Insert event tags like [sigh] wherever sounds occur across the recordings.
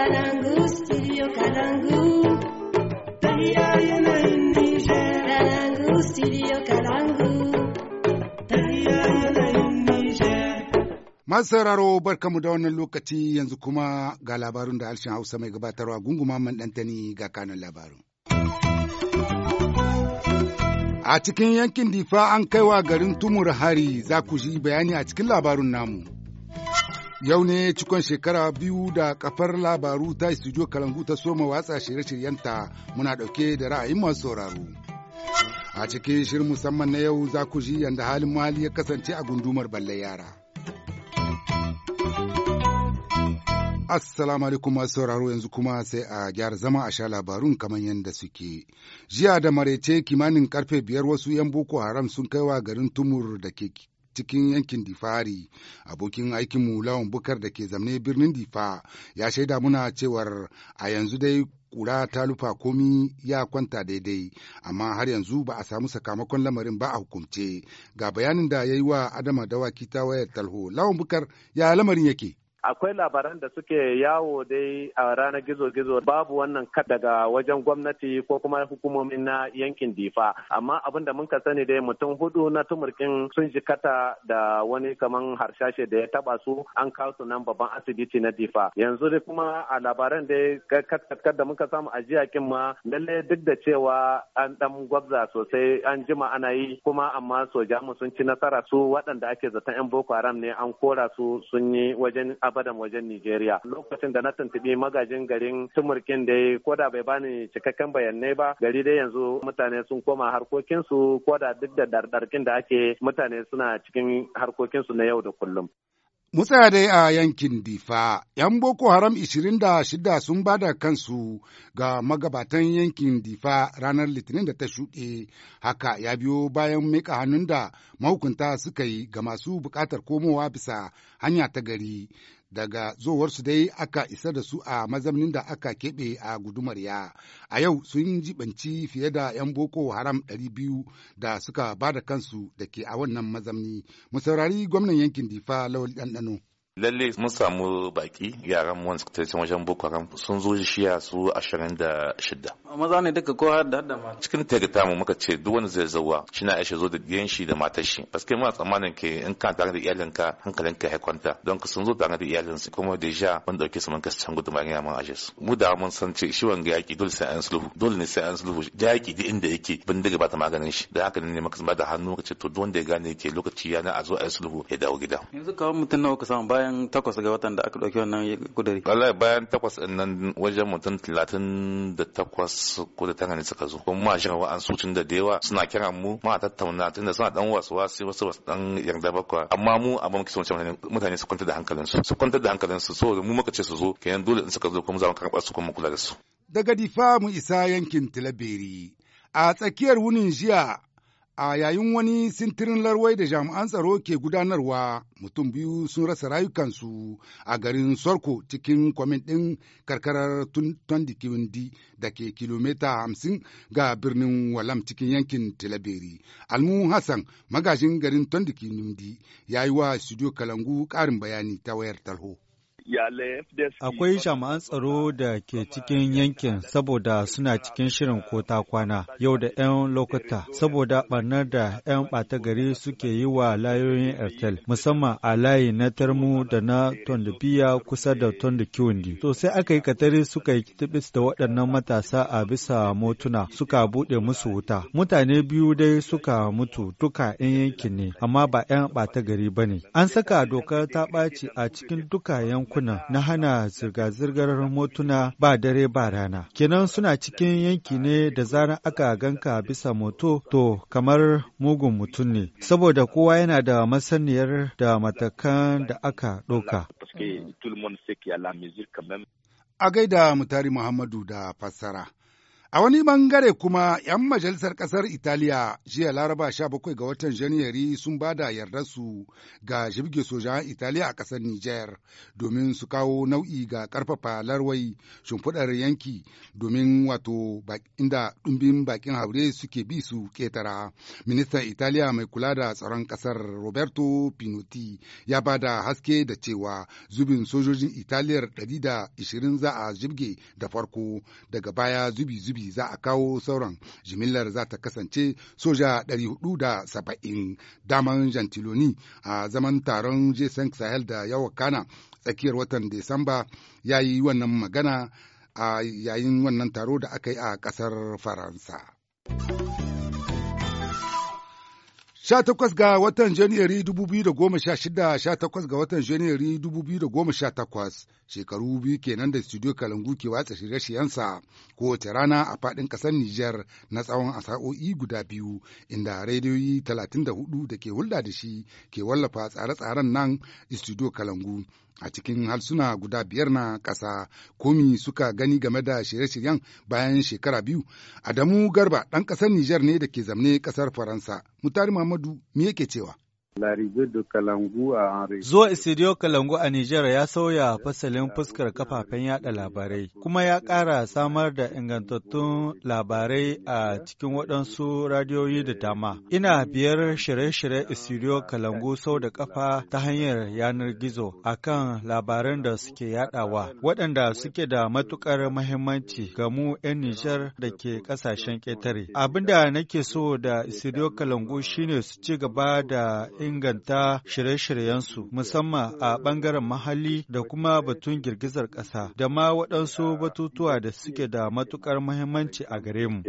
Kalangu, studio Kalangu. yanayin Nijar. Kalangu, studio Kalangu. yanayin Nijar. Masu sauraro barkamu da wannan lokaci yanzu kuma ga labarun da harshen Hausa mai gabatarwa gunguma man ɗantani ga kanan labarun. A cikin yankin Difa an kaiwa garin Tumur hari za ku shi bayani a cikin labarun namu. Yau ne cikon shekara biyu da kafar labaru ta studio Kalangu ta soma watsa shirye-shiryenta muna ɗauke da ra'ayin masu sauraro. A cikin shirin musamman na yau za ku ji yadda halin mali ya kasance a gundumar balle yara. Assalamu alaikum masu sauraro yanzu kuma sai a gyara zama a sha labarun kamar yadda suke. Jiya da maraice kimanin karfe biyar wasu 'yan Boko Haram sun kai wa garin Tumur da ke cikin yankin Difari. Abokin aikinmu Lawan Bukar da ke zamne birnin Difa ya shaida muna cewar a yanzu dai kura ta lufa komi ya kwanta daidai amma har yanzu ba a samu sakamakon lamarin ba a hukumce ga bayanin da ya yi wa adama dawaki ta wayar talho lawan bukar ya lamarin yake akwai labaran da suke yawo dai a ranar gizo-gizo babu wannan kat daga wajen gwamnati ko kuma hukumomi na yankin difa amma abin da muka sani dai mutum hudu na tumurkin sun jikata da wani kaman harshashe da ya taba su an kawo su nan babban asibiti na difa yanzu dai kuma a labaran dai kat da muka samu a jiya kin ma lalle duk da cewa an dan gwabza sosai an jima ana yi kuma amma soja mu sun ci nasara su waɗanda ake zaton yan boko haram ne an kora su sun yi wajen abadan wajen Nijeriya. Lokacin da na tuntuɓi magajin garin Tumurkin dai ko da bai bani cikakken bayanai ba gari dai yanzu mutane sun koma harkokinsu ko da duk da dardarkin da ake mutane suna cikin harkokinsu na yau da kullum. Mutsa dai a yankin Difa, ‘yan Boko Haram 26 sun bada kansu ga magabatan yankin Difa ranar Litinin da ta shuɗe, haka ya biyo bayan mika hannun da mahukunta suka yi ga masu buƙatar komowa bisa hanya ta gari. daga zowarsu dai aka isa da su a mazamnin da aka keɓe a gudumar ya a yau sun jibanci fiye da 'yan boko haram 200 da suka ba da kansu da ke a wannan mazamni mu saurari gwamnan yankin difa lawal ɗanɗano lalle mun samu baki yaran wanda suka tace wajen boko haram sun zo shiya su 26 maza ne duka ko har da hadda ma cikin tagita mu muka ce duk wani zai zauwa na ya zo da diyan shi da matar shi paske muna tsammanin ke in ka tare da ka hankalinka ya kwanta don ka sun zo tare da su kuma deja mun dauke su mun kasa can gudumar ya mun aje su mu da mun san ce shi wanga yaki dole sai an sulhu dole ne sai an sulhu yaki da inda yake bindiga ba ta maganin shi da haka ne muka ba da hannu ka ce to duk wanda ya gane ke lokaci ya na a zo a sulhu ya dawo gida yanzu kawai mutum nawa ka samu bayan takwas ga watan da aka ɗauki wannan kudari wallahi bayan takwas ɗin nan wajen mutum talatin da takwas ko da tangani ne suka zo kuma ma shirin wa'an sucin da dewa suna kiran mu ma tattauna tun da suna ɗan wasu wasu wasu wasu ɗan yarda bakwa amma mu a muke son mutane su kwanta da hankalinsu su kwanta da hankalinsu saboda mu muka ce su zo kenan dole in suka zo kuma za mu karɓar su kuma kula da su daga difa mu isa yankin tilaberi a tsakiyar wunin jiya A yayin wani sintirin larwai da jami'an tsaro ke gudanarwa mutum biyu sun rasa rayukansu a garin Sorko cikin kwamin ɗin karkarar Tondikiwindi da ke kilomita hamsin ga birnin Walam cikin yankin Tilaberi. Almu Hassan magajin garin Tondikiwindi ya yi wa studio Kalangu ƙarin bayani ta wayar talho Akwai jami'an tsaro da ke cikin yankin saboda suna cikin shirin ko ta kwana yau da 'yan lokuta saboda barnar da 'yan ɓata gari suke yi wa layoyin Airtel musamman a layi na Termu da na Tondubiya kusa da Tondukiwundi. To sai aka yi katari suka yi tibis da waɗannan matasa a bisa motuna suka buɗe musu wuta. Mutane biyu dai suka mutu duka 'yan yankin ne amma ba 'yan ɓata gari ba ne. An saka dokar ta ɓaci a cikin duka yankunan rumfuna na hana zirga-zirgar motuna ba dare ba rana. Kenan suna cikin yanki ne da zarar aka ganka bisa moto to kamar mugun mutum ne. Saboda kowa yana da masaniyar da matakan da aka ɗauka. A gaida mutari Muhammadu da fassara. A wani bangare kuma, ‘yan majalisar ƙasar Italiya jiya Laraba 17 ga watan Janairu sun ba da su ga shirge sojan Italiya a ƙasar Nijar domin su kawo nau'i ga ƙarfafa larwai shimfiɗar yanki domin wato inda ɗumbin bakin haure suke bi su ƙetara. Ministan Italiya mai kula da tsaron ƙasar Roberto Pinotti ya ba da haske da cewa zubin sojojin Italiyar 120 za a jibge da farko daga baya zubi-zubi za a kawo sauran jimillar za ta kasance soja 470 daman jantiloni a zaman taron jason sahel da yawa kana tsakiyar watan Desamba ya yi wannan magana a yayin wannan taro da aka yi a kasar Faransa. 18 ga watan Janairu 2016, 18 ga watan Janairu 2018, shekaru biyu kenan da Studio Kalangu ke watsa shirye-shiryensa kowace rana a faɗin ƙasar Nijar na tsawon asa'o'i guda biyu, inda rediyoyi 34 da ke hulɗa da shi ke wallafa tsare-tsaren nan Studio Kalangu. a cikin halsuna guda biyar na ƙasa komi suka gani game da shirye-shiryen bayan shekara biyu adamu garba ɗan ƙasar nijar ne da ke zamne ƙasar faransa mutari muhammadu me yake cewa Zuwa Isidio Kalangu a Nijar ya sauya fasalin fuskar kafafen yada labarai, kuma ya ƙara samar da ingantattun labarai a cikin waɗansu radiyoyi da dama. Ina biyar shirye-shirye Isidio Kalangu sau da kafa ta hanyar yanar gizo a kan labaran da suke yadawa, waɗanda suke da matuƙar mahimmanci ga mu 'yan Nijar da ke ƙasashen ƙetare. Abin da nake so da Isidio Kalangu shine su ci gaba da inganta shirye-shiryensu musamman a ɓangaren mahalli da kuma batun girgizar ƙasa da ma waɗansu batutuwa da suke da matuƙar muhimmanci a gare mu.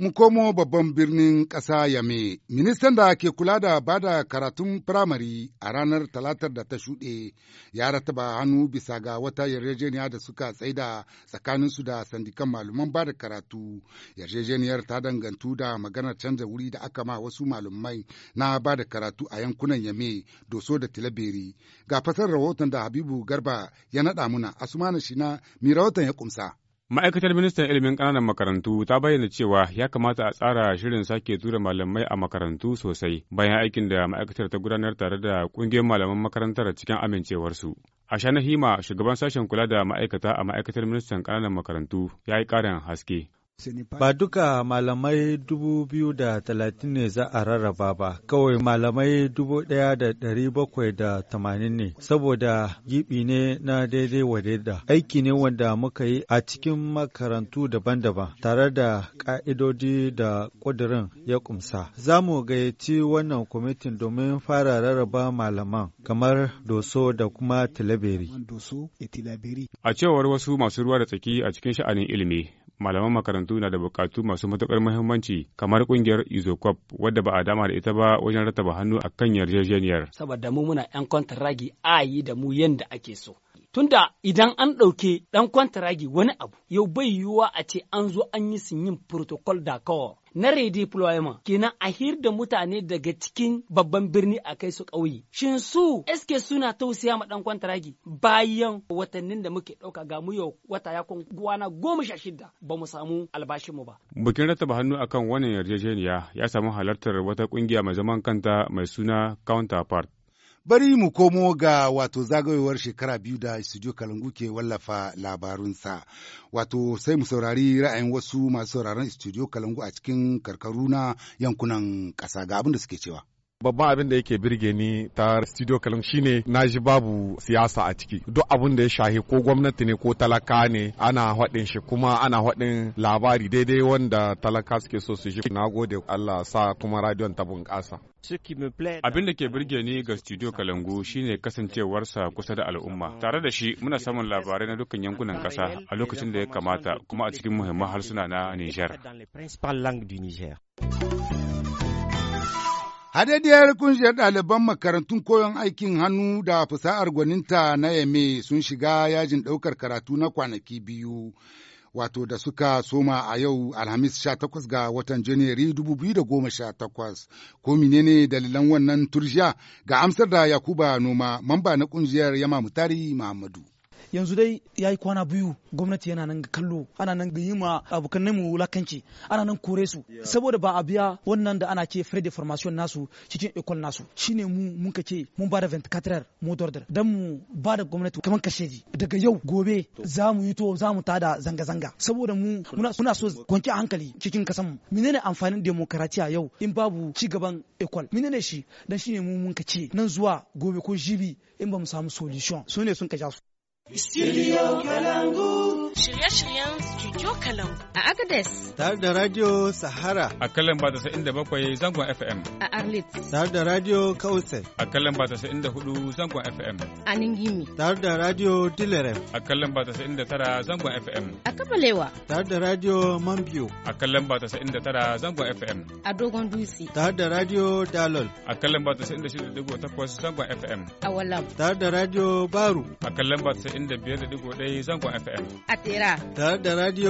Mu komo babban birnin ƙasa Yame, ministan da ke kula da bada karatun firamare a ranar talatar da ta shuɗe ya rataba hannu bisa ga wata yarjejeniya da suka tsaida tsakaninsu da sandikan malaman bada karatu. Yarjejeniyar ta dangantu da maganar canza wuri da aka ma wasu malumai na bada karatu a yankunan Yame, Doso da Tilaberi. Ga fasar rahoton da Habibu Garba ya naɗa muna, Asumana Shina, mi rahoton ya ƙumsa. Ma'aikatar Ministan Ilimin Ƙananan Makarantu ta bayyana cewa ya kamata a tsara shirin sake tura malamai a makarantu sosai bayan aikin da ma'aikatar ta gudanar tare da ƙungiyar malaman makarantar cikin amincewarsu. A shanahima shugaban sashen kula da ma'aikata a ma'aikatar Ministan Ƙananan Makarantu ya yi ƙarin haske. Ba duka malamai dubu biyu da talatin ne za a rarraba ba, kawai malamai dubu ɗaya da dari bakwai da tamanin ne, saboda gibi ne na daidai wadaida. Aiki ne wanda muka yi a cikin makarantu daban-daban, tare da ƙa'idodi da ƙudurin ya ƙumsa. Za mu gayyaci wannan kwamitin domin fara rarraba malaman, kamar Doso da kuma Tilaberi. A cewar wasu masu ruwa da tsaki a cikin sha'anin ilimi, malaman makarantu na da bukatu masu matukar muhimmanci kamar kungiyar izokop wadda ba a dama da ita ba wajen rataba hannu a kan yarjejeniyar. saboda mu muna yan kwantaragi a yi da mu yadda ake so tunda idan an ɗauke ɗan kwantaragi wani abu yau bai yiwuwa a ce an zo an yi sun yin protocol da kawai na redeployment kenan a hirda mutane daga cikin babban birni a kai su ƙauye shin su eske suna tausaya ma ɗan kwantaragi bayan watannin da muke ɗauka ga mu yau wata ya gwana goma sha shida ba mu samu albashin mu ba bikin rattaba hannu akan wannan yarjejeniya ya samu halartar wata kungiya mai zaman kanta mai suna counterpart Bari mu komo ga wato zagayowar shekara biyu da studio Kalangu ke wallafa labarunsa. Wato sai mu saurari ra'ayin wasu masu sauraron studio Kalangu a cikin karkaru na yankunan ƙasa ga abin da suke cewa. babban abin da yake birge ni ta studio kalam shine na ji babu siyasa a ciki duk abin da ya shahi ko gwamnati ne ko talaka ne ana haɗin shi kuma ana haɗin labari daidai wanda talaka suke so su ji na gode Allah sa kuma radion ta bunƙasa abin da ke birge ni ga studio kalangu shine kasancewarsa kusa da al'umma tare da shi muna samun labarai na dukkan yankunan kasa a lokacin da ya kamata kuma a cikin muhimman harsuna na Nijar. Hadadiyar kungiyar ɗaliban makarantun koyon aikin hannu da fasahar gwaninta na Yame sun shiga yajin ɗaukar karatu na kwanaki biyu. Wato da suka soma a yau Alhamis 18 ga watan Janairu 2018, ko menene dalilan wannan turjiya ga amsar da Yakuba Noma, mamba na kungiyar Yama Mutari Muhammadu. yanzu dai ya yi kwana biyu gwamnati yana nan kallo ana nan yi ma abokan mu wulakanci ana nan kore su saboda ba a biya wannan da ana ce fred formation nasu cikin ekol nasu shine mu mun ka ce mun ba da 24 mu dordar dan mu ba da gwamnati kamar ji daga yau gobe za mu yi to za mu tada zanga zanga saboda mu muna so kwanci hankali cikin kasan mu menene amfanin demokaratiya yau in babu ci gaban mine menene shi dan shine mu mun ka ce nan zuwa gobe ko jibi in ba mu samu solution su ne sun ka su Studio Kalangu. Shirye-shiryen Studio Kalangu. A Agadez. Tare da Radio Sahara. A kalan ba inda bakwai zangon FM. A Arlit. Tare da Radio Kausai. A kalan ba inda hudu zangon FM. A Ningimi. Tare da Radio Dilerem. A kalan ba inda tara zangon FM. A Kabalewa. Tare da Radio Mambiyo. A kalan ba inda tara zangon FM. A Dogon Dutse. Tare da Radio Dalol. A kalan ba da takwas zangon FM. A Walam. Tare da Radio Baru. A kalan ba da biyar zangon FM. A Tera. Tare da Radio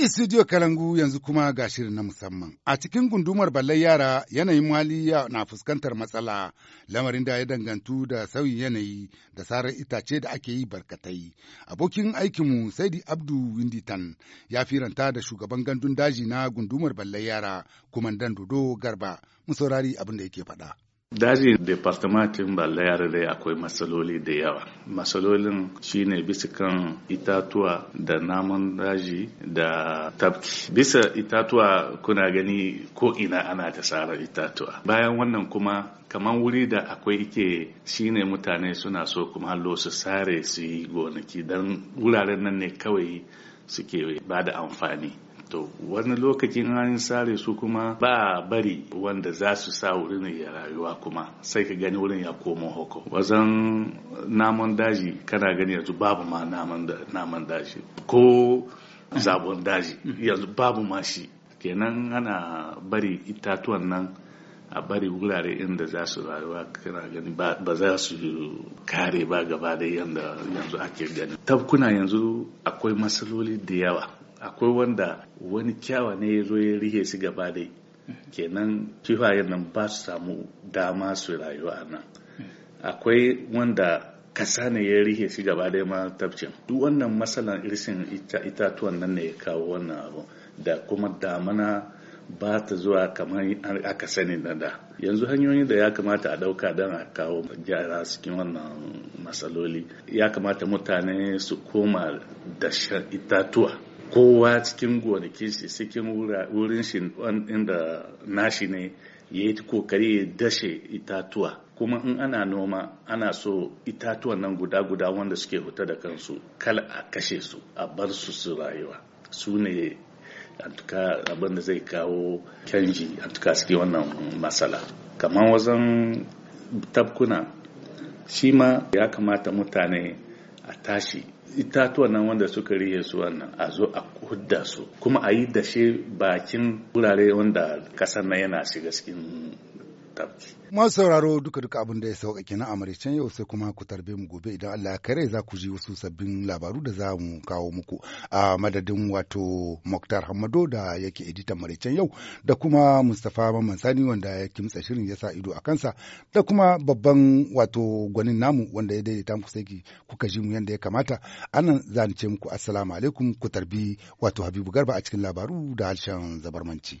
Studio Kalangu yanzu kuma ga shirin na musamman. A cikin gundumar ballar yara yanayin mali na fuskantar matsala lamarin da ya dangantu da sauyin yanayi da sarar itace da ake yi barkatai. Abokin aikinmu Saidi Abdu Winditan ya firanta da shugaban gandun daji na gundumar ballar yara kumandan Dodo Garba mu saurari abin da yake faɗa. Daji departamentin Balayar dai akwai matsaloli da yawa. Matsalolin shine bisa kan itatuwa da namun daji da tafki. Bisa itatuwa kuna gani ko ina ana ta tsara itatuwa. Bayan wannan kuma kamar wuri da akwai ike shine mutane suna so kuma hallo su sare su yi gonaki don wuraren nan ne kawai suke ba da amfani. to wani lokacin an sare su kuma ba bari wanda za su sa wurin ya rayuwa kuma sai ka gani wurin ya komo hoko wazan naman daji kana gani yanzu babu ma naman daji ko zabon daji [laughs] yanzu babu ma shi kenan ana bari itatuwan nan a bari wurare inda za su rayuwa kana gani ba za su kare ba gaba da yanda yanzu ake gani tabkuna yanzu akwai matsaloli da yawa akwai wanda wani kyawa ne ya zo ya rihe shi gaba dai kenan kifayen nan ba su samu dama su rayuwa nan akwai wanda kasa ne ya rihe shi gaba dai ma tafcin duk wannan matsalan irsin itatuwan nan ne ya kawo wannan abu da kuma damana ba ta zuwa kamar aka sani na da yanzu hanyoyin da ya kamata a ɗauka don a kawo gyara cikin wannan matsaloli ya kamata mutane su koma da itatuwa kowa cikin gonaki shi cikin wurin shi inda nashi ne ya yi kokari ya dashe itatuwa kuma in ana noma ana so itatuwan nan guda-guda wanda suke huta da kansu kal a kashe su a bar su su rayuwa su ne abin da zai kawo canji antuka suke wannan matsala kamar wajen tabkuna shi ma ya kamata mutane a tashi itatuwan nan wanda suka rihe su wannan a zo a kudda su kuma a yi dashe bakin wurare wanda kasar na yana shiga cikin adalci. Masu sauraro duka duka abin da ya sauka kenan a yau sai kuma ku tarbe mu gobe idan Allah ya kare za ku ji wasu sabbin labaru da za mu kawo muku a madadin wato Muktar Hamado da yake editan maraicen yau da kuma Mustapha Mamman Sani wanda ya kimtsa shirin ya sa ido a kansa da kuma babban wato gwanin namu wanda ya daidaita muku sai kuka ji mu yanda ya kamata anan ce muku assalamu alaikum ku tarbi wato Habibu Garba a cikin labaru da harshen zabarmanci.